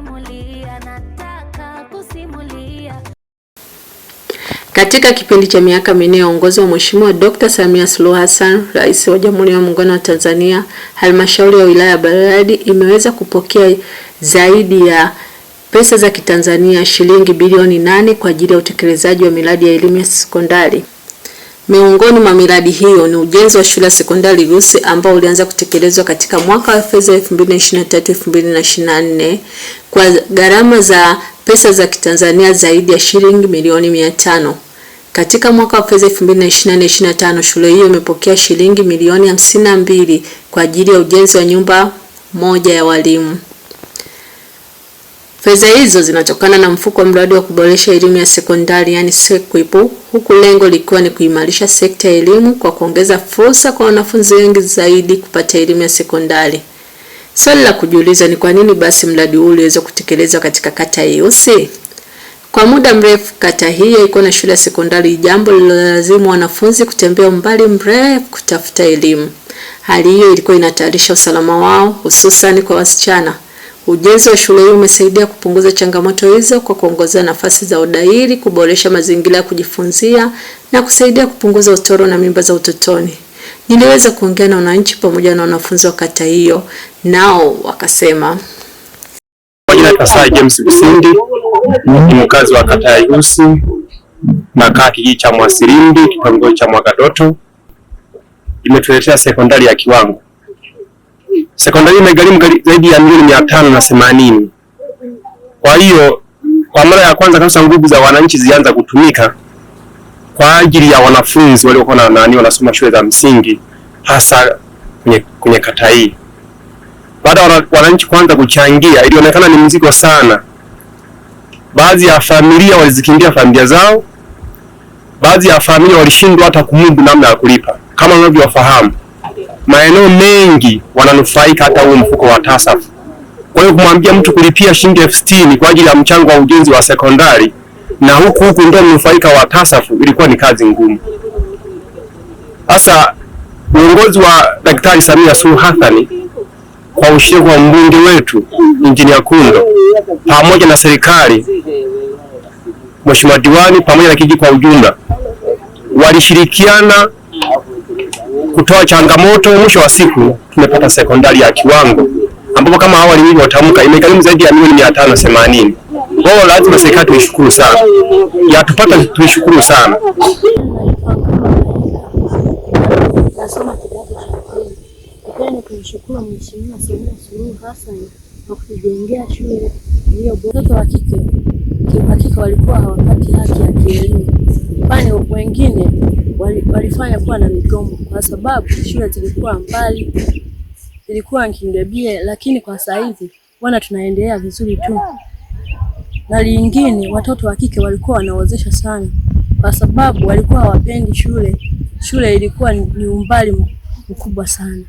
kusimulia, nataka kusimulia. Katika kipindi cha miaka minne ya uongozi wa Mheshimiwa Dr. Samia Suluhu Hassan, Rais wa Jamhuri ya Muungano wa Tanzania, Halmashauri ya Wilaya ya Bariadi imeweza kupokea zaidi ya pesa za Kitanzania shilingi bilioni nane kwa ajili ya utekelezaji wa miradi ya elimu ya sekondari. Miongoni mwa miradi hiyo ni ujenzi wa shule ya sekondari Lusi ambao ulianza kutekelezwa katika mwaka wa fedha 2023/2024 kwa gharama za pesa za Kitanzania zaidi ya shilingi milioni 500. Katika mwaka wa fedha 2024/2025 shule hiyo imepokea shilingi milioni 52 mbili kwa ajili ya ujenzi wa nyumba moja ya walimu. Fedha hizo zinatokana na mfuko wa mradi wa kuboresha elimu ya sekondari yani SEQUIP, huku lengo likiwa ni kuimarisha sekta ya elimu kwa kuongeza fursa kwa wanafunzi wengi zaidi kupata elimu ya sekondari. Swali la kujiuliza ni kwa nini basi mradi huu uliweza kutekelezwa katika kata Iusi? Kwa muda mrefu kata hii haikuwa na shule ya sekondari, jambo lililolazimu wanafunzi kutembea umbali mrefu kutafuta elimu. Hali hiyo ilikuwa inatayarisha usalama wao, hususan kwa wasichana. Ujenzi wa shule hii umesaidia kupunguza changamoto hizo kwa kuongezea nafasi za udahili, kuboresha mazingira ya kujifunzia na kusaidia kupunguza utoro na mimba za utotoni. Niliweza kuongea na wananchi pamoja na wanafunzi wa kata hiyo, nao wakasema. Kwa jina Kasai James Msindi ni mkazi wa kata ya Ihusi na kaa kijiji cha Mwasirindi kitongoji cha Mwagadoto, imetuletea sekondari ya kiwango Sekondari imegharimu zaidi ya milioni mia tano na themanini. Kwa hiyo kwa mara ya kwanza kabisa nguvu za wananchi zilianza kutumika kwa ajili ya wanafunzi waliokuwa na nani wanasoma shule za msingi hasa kwenye, kwenye kata hii. Baada ya wananchi kuanza kuchangia, ilionekana ni mzigo sana. Baadhi ya familia walizikimbia familia zao, baadhi ya familia walishindwa hata kumudu namna ya kulipa kama unavyofahamu maeneo mengi wananufaika hata huo mfuko wa TASAF. Kwa hiyo kumwambia mtu kulipia shilingi elfu sitini kwa ajili ya mchango wa ujenzi wa sekondari na huku huku ndio mnufaika wa TASAF ilikuwa ni kazi ngumu. Sasa uongozi wa Daktari Samia Suluhu Hassan kwa ushirika wa mbunge wetu Injinia Kundo pamoja na serikali, Mheshimiwa Diwani pamoja na kijiji kwa ujumla walishirikiana kutoa changamoto. Mwisho wa siku tumepata sekondari ya kiwango ambapo kama awali nilivyotamka imegharimu zaidi ya milioni mia tano themanini. Kwa hiyo lazima serikali tuishukuru sana, yatupata tuishukuru sana. Tunashukuru Mheshimiwa Samia Suluhu Hassan kwa kutujengea shule iliyo bora. Watoto wa kike kwa hakika walikuwa hawapati haki ya kielimu kwani wengine walifanya kuwa na migomo kwa sababu shule zilikuwa mbali, zilikuwa Nkindebie, lakini kwa sasa hivi wana tunaendelea vizuri tu. Na lingine watoto wa kike walikuwa wanaozesha sana, kwa sababu walikuwa hawapendi shule. Shule ilikuwa ni umbali mkubwa sana.